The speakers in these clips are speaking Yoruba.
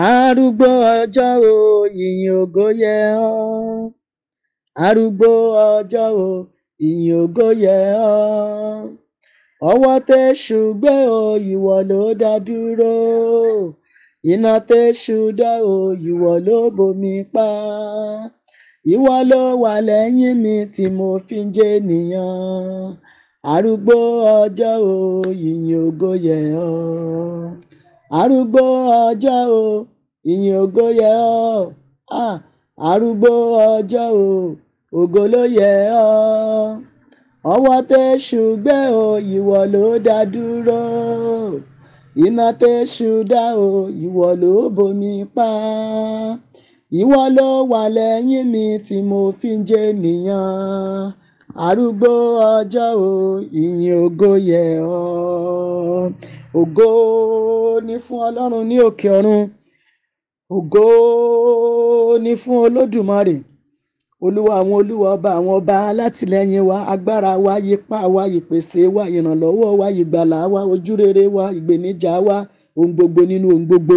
arúgbó ọjọ́ o ìyìn ògo yẹ ọ́ arúgbó ọjọ́ o ìyìn ògo yẹ ọ́ ọwọ́ tẹ̀sù gbé o ìwọ ló dá dúró iná tẹ̀sù dá o ìwọ ló bomi pa ìwọ ló wà lẹ́yìn mi tí mo fi ń jẹ́ arúgbó ọjọ́ o ìyìn ògo yẹ ọ́ arúgbó ọjọ́ o ìyìn ògo yẹ ọ́ arúgbó ọjọ́ o ògo ló yẹ ọ́ ọwọ́ tẹ̀sù gbé o ìwọ ló dá dúró iná tẹ̀sù dá o ìwọ ló bomi pa ìwọ ló wà lẹ́yìn mi tí mo fi ń jẹ́ nìyàn arúgbó ọjọ́ o ìyìn ògo yẹ ọ́ ògo ni fún ọlọ́run ní òkè ọ̀run ògo ni fún olódùmarè olúwa àwọn olúwa ọba àwọn ọba alátìlẹyìn wa agbára wa yípa wa ìpèsè wa ìrànlọ́wọ́ wa ìgbàlà wa ojúrere wa ìgbèníjà wa ohun gbogbo nínú ohun gbogbo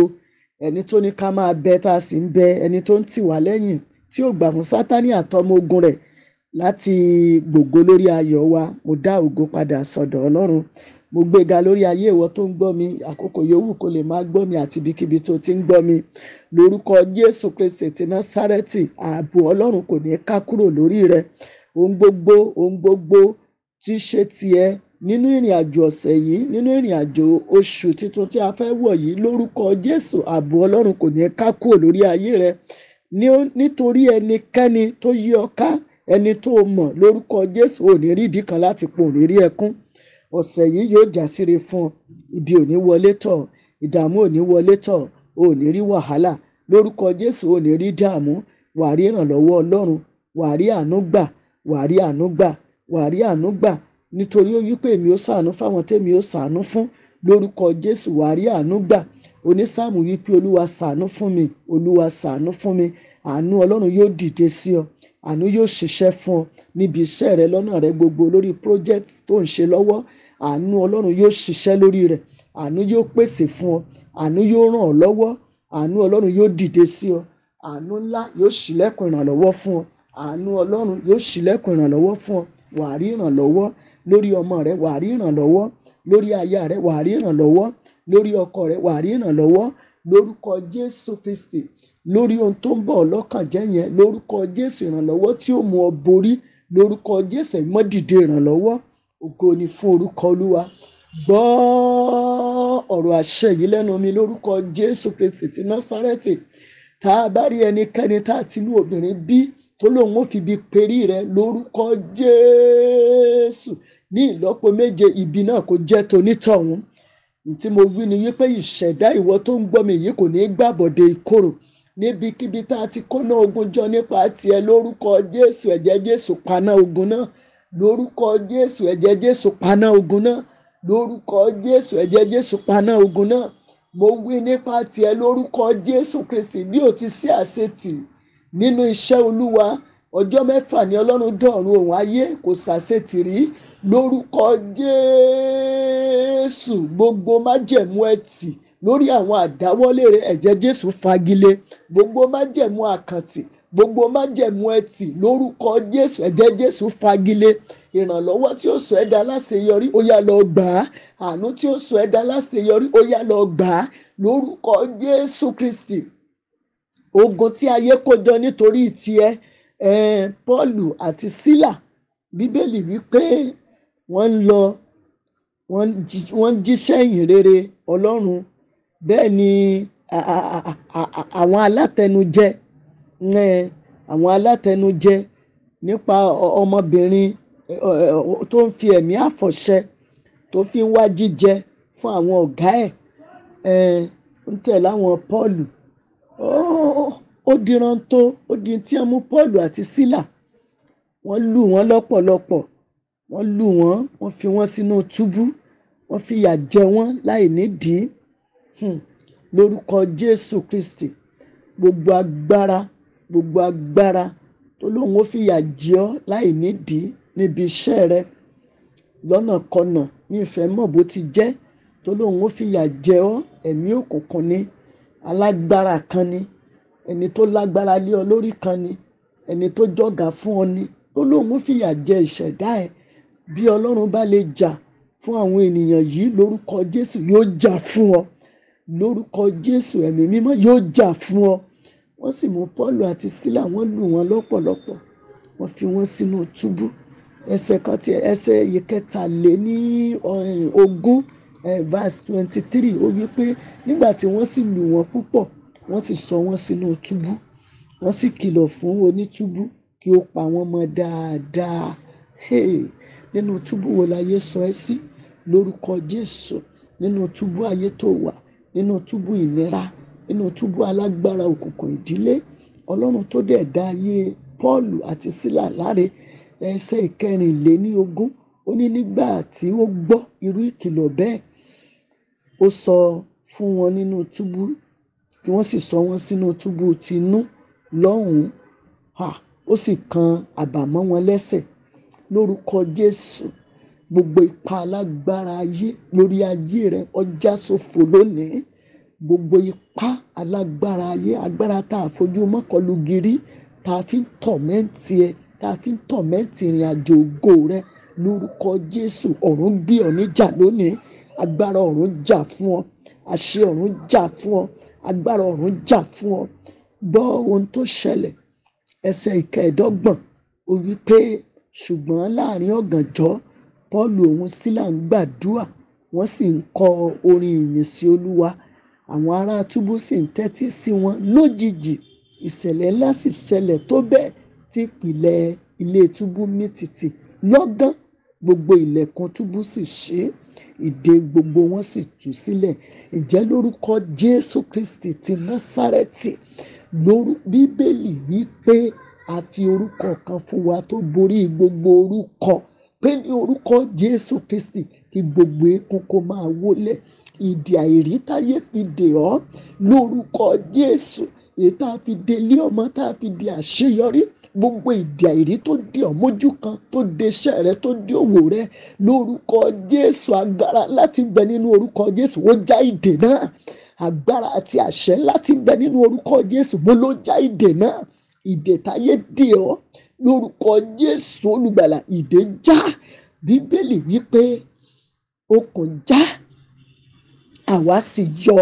ẹni tó ní ká máa bẹ tá a sì ń bẹ ẹni tó ń tì wá lẹ́yìn tí ò gbà fún sátánì àtọmọ ogun rẹ̀ láti gbògo lórí ayọ̀ wa mo dá ògo padà sọ́dọ̀ ọlọ́run mo gbéga lórí ayé ìwọ tó ń gbọ́ mi àkókò yòówù kó lè máa gbọ́ mi àti ibikíbi tó ti ń gbọ́ mi lórúkọ Jésù Kristi ti Násárẹ́tì ààbò Ọlọ́run kò ní ká kúrò lórí rẹ ohun gbogbo ohun gbogbo tí ṣe tiẹ̀ nínú ìrìn àjò ọ̀sẹ̀ yìí nínú ìrìn àjò oṣù tuntun tí a fẹ́ wọ̀ yìí lórúkọ Jésù ààbò Ọlọ́run kò ní ká kúrò lórí ayé rẹ nítorí ẹnikẹ́ni tó yí ọ ká ẹni tó mọ̀ lórúkọ Jésù ò ní rí ìdí kan láti pò rí ẹkún ọ̀sẹ̀ yìí yóò já síre fún ọ ibi ò ní wọlé tọ̀ ọ́ ìdààmú ò ní wọlé tọ̀ ọ́ ò ní rí wàhálà lórúkọ jésù ò ní rí dààmú wàá rí ìrànlọ́wọ́ ọlọ́run wàá rí àánú gbà wàá rí àánú gbà wàá rí àánú gbà nítorí ó wípé èmi ó ṣàánú fáwọn tèmi ó ṣàánú fún lórúkọ jésù wàá rí àánú wípé olúwa ṣàánú fún mi olúwa ṣàánú fún mi àánú ọlọ́run yóò dìde sí ọ àánú yóò ṣiṣẹ́ fún ọ níbi iṣẹ́ rẹ lọ́nà rẹ gbogbo lórí project tó ń ṣe lọ́wọ́ àánú Ọlọ́run yóò ṣiṣẹ́ lórí rẹ̀ àánú yóò pèsè fún ọ àánú yóò ràn ọ́ lọ́wọ́ àánú Ọlọ́run yóò dìde sí ọ àánú ńlá yóò ṣílẹ̀kùn ìrànlọ́wọ́ fún ọ àánú Ọlọ́run yóò ṣílẹ̀kùn ìrànlọ́wọ́ fún ọ wà á rí ìrànlọ́wọ́ lórí ọmọ rẹ wà á rí ìrànlọ́wọ́ lórí aya rẹ wà á rí ìrànlọ́wọ́ lórí ọkọ rẹ wà á rí ìrànlọ́wọ́ lórúkọ Jésù Kristi lórí ohun tó ń bọ̀ lọ́kàn jẹ́ yẹn lórúkọ Jésù ìrànlọ́wọ́ tí ó mú ọ borí lórúkọ Jésù ìmọ̀dìde ìrànlọ́wọ́ ògo ni fún orúkọ olúwa gbọ́ ọ̀rọ̀ àṣẹ yìí lẹ́nu mi lórúkọ jésù kristi ti násárẹ́tì tá a bá rí ẹnikẹ́ni tá a ti lú obìnrin bí tó lóun ó fi bi perí rẹ lórúkọ jésù ní ìlọ́po méje ibi náà kò jẹ́ tonítọ̀hún tí mo wí ni wípé ìṣẹ̀dá ìwọ tó ń gbọ́ mi yìí kò ní gbàbọ̀dé ìkorò níbikíbi tá a ti kóná ogun jọ nípa tiẹ̀ lórúkọ jésù ẹ̀jẹ̀ jésù paná ogun náà lórúkọ jésù ẹ̀jẹ̀ jésù paná ogun náà lórúkọ jésù ẹ̀jẹ̀ jésù paná ogun náà mo wí nípa tiẹ̀ lórúkọ jésù kristi bí o ti sí àṣetì nínú iṣẹ́ olúwa ọjọ́ mẹ́fà ni ọlọ́run dọ̀run òun ayé kò ṣàṣetì rí lórúkọ jésù gbogbo májẹ̀mú ẹtì lórí àwọn àdáwọ́lé rẹ̀ ẹ̀jẹ̀ jésù fagilé gbogbo májẹ̀mú àkàntì gbogbo májẹ̀mú ẹtì lórúkọ jésù ẹ̀jẹ̀ jésù fagilé ìrànlọ́wọ́ tí ó sọ ẹ̀dá láṣeyọrí ó yá lọ gbà á àánú tí ó sọ ẹ̀dá láṣeyọrí ó yá lọ gbà á lórúkọ jésù kristi ogun tí ayé kó jọ nítorí tiẹ̀ eh, pọ́ọ̀lù àti sílà bíbélì wípé wọ́n ń lọ wọ́n ń jíṣẹ́ ìyìn rere ọlọ́run bẹ́ẹ̀ ni àwọn alátẹnujẹ um àwọn alátẹnujẹ nípa ọmọbìnrin um tó ń fi ẹ̀mí àfọ̀ṣẹ tó fi ń wá jíjẹ fún àwọn ọ̀gá ẹ̀ um ń tẹ̀lé àwọn Pọ́ọ̀lù um ó diranto ó di ohun tí wọ́n mú Pọ́ọ̀lù àti Sílà wọ́n lù wọ́n lọ́pọ̀lọpọ̀ wọ́n lù wọ́n wọ́n fi wọ́n sínú túbú wọ́n fìyà jẹ wọ́n láìnídìí um hmm. lórúkọ Jésù Kristì gbogbo agbára gbogbo agbára tó lóun ó fìyà jẹ ọ láì nídìí níbi iṣẹ́ rẹ lọ́nàkọnà mi ìfẹ́ mọ̀ bó ti jẹ́ tó lóun ó fìyà jẹ ọ ẹ̀mí òkùnkùn ni alágbára kan ni ẹni tó lágbára lé ọ lórí kan ni ẹni tó jọ̀gá fún ọ ni tó lóun ó fìyà jẹ ìṣẹ̀dá ẹ̀ bí Ọlọ́run bá lè jà fún àwọn ènìyàn yìí lórúkọ Jésù yóò jà fún ọ lórúkọ Jésù ẹ̀mí mímọ́ yóò jà fún ọ wọn sì mú paul àti sílà wọn lù wọn lọpọlọpọ wọn fi wọn sínú túbú ẹsẹ kan ti ẹsẹ ìkẹtàléní eh, ogún eh, verse twenty three ó wí pé nígbà tí wọ́n sì lù wọ́n púpọ̀ wọ́n sì sọ wọ́n sínú túbú wọ́n sì kìlọ̀ fún onítúbú kí ó pa wọ́n mọ́ dáadáa nínú túbú wo láyé sọ ẹ́ sí lórúkọ Jésù nínú túbú ayé tó wà nínú túbú ìnira nínú túbú alágbára òkùnkùn ìdílé ọlọ́run tó dẹ̀ dá ayé Pọ́ọ̀lù àti Sílà láre ẹsẹ̀ ìkẹrìnléní ogún ó ní nígbà tí ó gbọ́ irú ìkìlọ̀ bẹ́ẹ̀ ó sọ fún wọn nínú túbú kí wọ́n sì sọ wọ́n sínú túbú tinú lọ́hùn-ún ó sì kan àbàmọ́ wọn lẹ́sẹ̀ lórúkọ Jésù gbogbo ipa alágbára ayé lórí ayé rẹ ọjà ṣòfò lónìí gbogbo ipá alágbára ayé agbára tá a fojú mọ́kànlú gírí tá a fi ń tọ̀mẹ́ǹtì ẹ tá a fi ń tọ̀mẹ́ǹtì ìrìn àjò ògo rẹ lórúkọ Jésù ọ̀run gbé ọ níjà lónìí agbára ọ̀run jà fún ọ àṣẹ ọ̀run jà fún ọ agbára ọ̀run jà fún ọ gbọ́ ohun tó ṣẹlẹ̀ ẹsẹ̀ ìkẹẹ̀dọ́gbọ̀n ó wí pé ṣùgbọ́n láàrin ọ̀gànjọ́ Pọ́ọ̀lù òun Sílà ń gbàdúrà wọ́n sì ń kọ orin ìyìn sí Olúwa àwọn ará túbú sì ń tẹ́tí sí wọn lójijì ìṣẹ̀lẹ̀ ńlá sì ṣẹlẹ̀ tó bẹ́ẹ̀ tí ìpìlẹ̀ ilé túbú mì tìtì lọ́gán gbogbo ilẹ̀kùn túbú sì ṣí ìdè gbogbo wọn sì tú sílẹ̀ ìjẹ́ lórúkọ Jésù Kristi ti Násárẹ́tì lóru Bíbélì wí pé a fi orúkọ kan fún wa tó borí gbogbo orúkọ pé ní orúkọ Jésù Kristi kí gbogbo eékún kó máa wólẹ̀ ìdí àìrítáyé fi dè ọ́ lórúkọ Jésù èyí tá a fi délé ọmọ tá a fi di àṣeyọrí gbogbo ìdí àìrí tó di ọmójú kan tó de iṣẹ́ rẹ tó di òwò rẹ lórúkọ Jésù agbára láti bẹ nínú orúkọ Jésù ó já ìdè náà agbára àti àṣẹ láti bẹ nínú orúkọ Jésù mo ló já ìdè náà ìdè táyé dè ọ́ lórúkọ Jésù olùgbàlà ìdè já Bíbélì wípé okùn já àwa sì yọ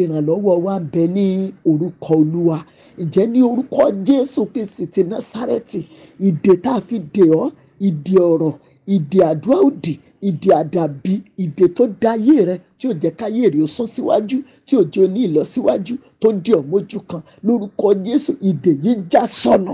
ìrànlọ́wọ́ wa ń bẹ ní orúkọ olúwa ǹjẹ́ ní orúkọ jésù kristi ti násárẹ́tì ìdè tá a fi dè ọ́ ìdè ọ̀rọ̀ ìdè àdúrà òdì ìdè àdàbí ìdè tó da ayé rẹ tí ò jẹ́ káyé rẹ ó sún síwájú tí ò jẹ́ oní ìlọsíwájú tó di ọ̀mójú kan lórúkọ jésù ìdè yìí já sọnù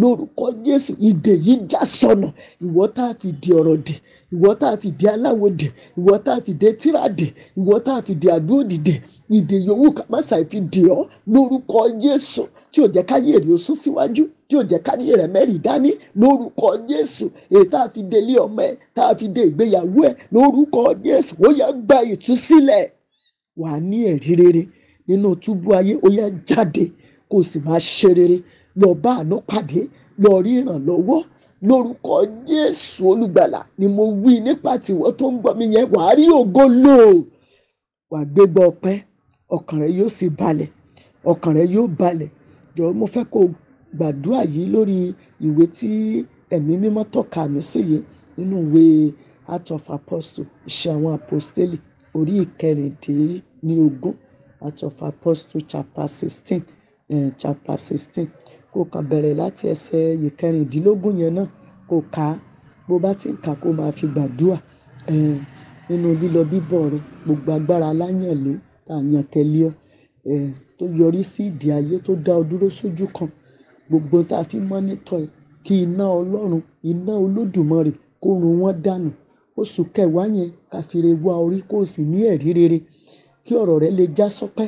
lórúkọ Jésù ìdè yìí já sọnù ìwọ tá a fi di ọ̀rọ̀ dè ìwọ tá a fi di aláwo dè ìwọ tá a fi di tíra dè ìwọ tá a fi di àdúró dìde ìdè yòówù ká má ṣàì fi dè ọ́ lórúkọ Jésù tí ò jẹ́ ká yé èrè oṣù síwájú tí ò jẹ́ ká ní èrè mẹ́rin dání lórúkọ Jésù èyí tá a fi dé ilé ọmọ ẹ tá a fi dé ìgbéyàwó ẹ lórúkọ Jésù ó yá gba ìtúsílẹ̀ wà á ní ẹ̀rí rere nínú túbú ayé ó yá jáde kó o sì máa ṣe rere lọ bá àánú pàdé lọ rí ìrànlọ́wọ́ lórúkọ Jésù olùgbàlà ni mo wí nípa tìwọ́ tó ń gbọ́ mi yẹn wàá rí ògo lò wàá gbégbá ọpẹ́ ọkàn rẹ yóò sì balẹ̀ ọkàn rẹ yóò balẹ̀ jọ̀ọ́ mo fẹ́ kó gbàdúrà yìí lórí ìwé tí ẹ̀mí mímọ́ tọ́ka mi sí yìí nínú ìwé Acts of Apostle iṣẹ́ àwọn apostoli orí ìkẹrìndínlógún Acts of Apostles chapter sixteen eh, chapter sixteen kó kàn bẹ̀rẹ̀ láti ẹsẹ̀ ìkẹrìndínlógún yẹn náà kó kà á bó bá ti ń kà á kó máa fi gbàdúrà um nínú lílọ bíbọ̀ rẹ gbogbo agbára aláyànlé tá a yàn tẹ̀lé ọ um tó yọrí sí ìdè ayé tó dá ọ dúró sójú kan gbogbo tá a fi mọ́nítọ̀ ẹ kí iná ọlọ́run iná olódùmarè kó run wọ́n dànù oṣù kẹwàá yẹn ká re wá orí kó o sì ní ẹ̀rí rere kí ọ̀rọ̀ rẹ lè já sọ́pẹ́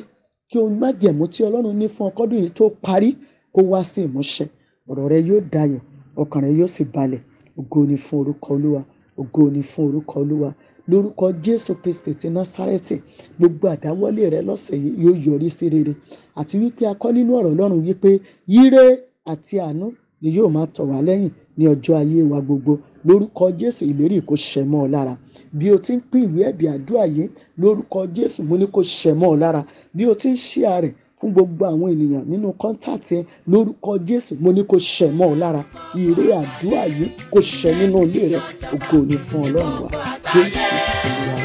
kí ohun májẹ̀mú tí ọlọ́run ní fún ọkọ́dún yìí tó parí kó wá sí ìmúṣẹ ọ̀rọ̀ rẹ yóò dayọ̀ ọkàn rẹ yóò sì balẹ̀ ògo ni fún orúkọ olúwa ògo ni fún orúkọ olúwa lórúkọ jésù kristi ti násárẹ́tì gbogbo àdáwọ́lé rẹ lọ́sẹ̀ yìí yóò yọrí sí rere àti wípé akọ́ nínú ọ̀rọ̀ ọlọ́run wípé yíre àti àánú ni yóò máa tọ̀ wá lẹ́yìn ní ọjọ́ ayé wa gbogbo. Lórúkọ Jésù ìlérí kò ṣẹ mọ́ ọ lára. Bí o ti ń pín ìwé ẹ̀bì àdúrà yìí lórúkọ Jésù mo ní kó ṣẹ mọ́ ọ lára. Bí o ti ń share rẹ̀ fún gbogbo àwọn ènìyàn nínú contact ẹ lórúkọ Jésù mo ní kó ṣẹ mọ́ ọ lára. Ìre àdúrà yìí kó ṣẹ nínú ilé rẹ. Ògo ni fún Ọlọ́run wa. Jésù Olúwa.